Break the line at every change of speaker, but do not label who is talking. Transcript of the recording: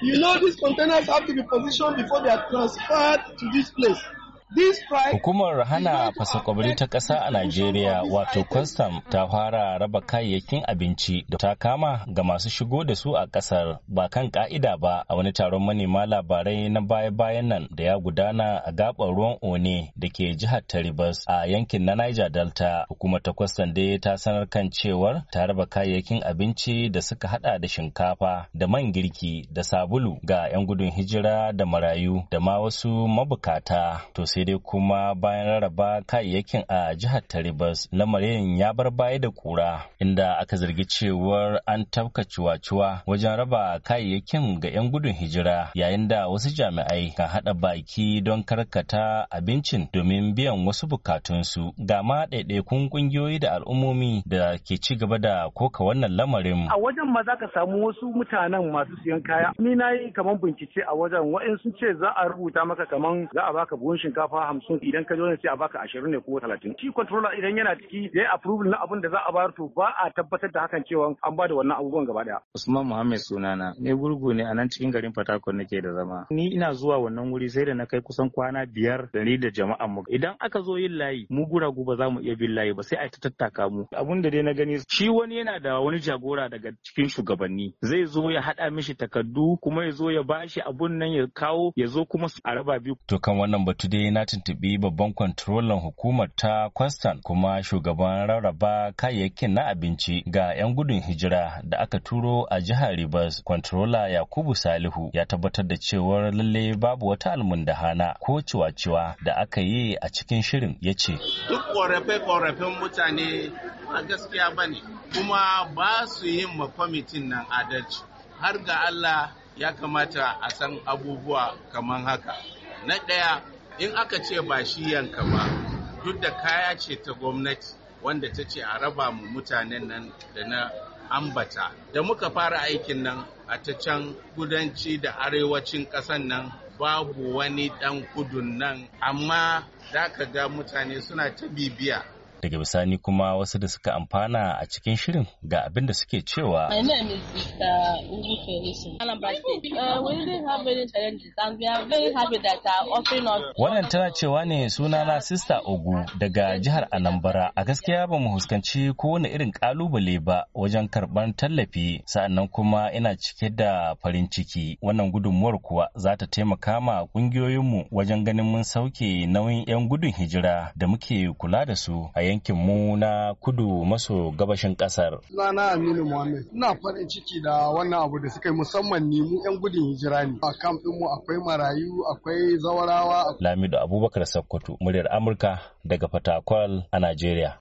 You know these containers have to be positioned before they are transferred to this place.
Hukumar hana fasakwabari ta ƙasa a Najeriya wato kwastam ta fara raba kayayyakin abinci da ta kama ga masu shigo da su a ƙasar ba kan ƙa'ida ba a wani taron manema labarai na baya-bayan nan da ya gudana a gaɓar ruwan One da ke jihar Taribas a yankin na Niger Delta. Hukumar ta kwastam dai ta sanar kan cewar ta raba kayayyakin abinci da suka haɗa da shinkafa da man girki da sabulu ga 'yan gudun hijira da marayu da ma wasu mabukata. To sai dai kuma bayan rarraba kayayyakin a jihar taribas lamarin ya bar baya da kura inda aka zargi cewar an tabka ciwa-ciwa wajen raba kayayyakin ga 'yan gudun hijira yayin da wasu jami'ai kan haɗa baki don karkata abincin domin biyan wasu bukatunsu ga ma ɗaiɗaikun ƙungiyoyi da al'ummomi da ke ci gaba da koka wannan lamarin. A wajen ma za ka samu wasu mutanen masu siyan kaya. Ni na yi kamar bincike a wajen wa'in sun ce za a rubuta maka kamar za a baka buhun shinkafa shinkafa hamsin idan ka zo sai a baka ashirin ne ko talatin shi controller idan yana ciki ya yi approval na abin da za a bayar to ba a tabbatar da hakan cewa an ba da wannan abubuwan gaba daya usman muhammad sunana ne gurgu ne a nan cikin garin fatakon nake da zama ni ina zuwa wannan wuri sai da na kai kusan kwana biyar da ni da jama'a mu idan aka zo yin layi mu guragu ba za mu iya bin layi ba sai a ta tattaka mu abin da dai na gani shi wani yana da wani jagora daga cikin shugabanni zai zo ya haɗa mishi takardu kuma ya zo ya bashi abun nan ya kawo ya zo kuma a raba biyu to kan wannan batu dai na tuntubi babban kwantrolan hukumar ta Kwastan kuma shugaban rarraba kayayyakin na abinci ga 'yan gudun hijira da aka turo a jihar Rivers. Kwantrola Yakubu Salihu ya tabbatar da cewar lalle babu wata almundahana ko ciwa-ciwa da aka yi a cikin shirin ya ce.
Duk ƙorafe korafen mutane a gaskiya ba kuma ba su yin ma nan adalci. Har ga Allah ya kamata a san abubuwa kamar haka. Na ɗaya in aka ce ba shi yanka ba duk da kaya ce ta gwamnati wanda ta ce a raba mu mutanen nan da na ambata da muka fara aikin nan a ta can kudanci da arewacin ƙasan nan babu wani ɗan kudun nan amma da ka ga mutane suna ta bibiya
daga bisani kuma wasu da suka amfana a cikin shirin ga abin da suke cewa uh, wannan tana cewa ne suna na sista ogu daga jihar anambra a gaskiya ba mu huskanci kowane irin kalubale ba wajen karban tallafi sa'annan kuma ina cike da farin ciki wannan gudunmuwar kuwa za ta taimaka ma kungiyoyinmu wajen ganin mun sauke nauyin 'yan gudun hijira da muke kula da su a yankin mu na kudu maso gabashin kasar.
Sunana Aminu Muhammad, ina farin ciki da wannan abu da suka yi musamman ni mu 'yan gudun hijira ne. A kam mu akwai marayu, akwai zawarawa.
Lamido Abubakar Sokoto, muryar Amurka daga Fatakwal a Najeriya.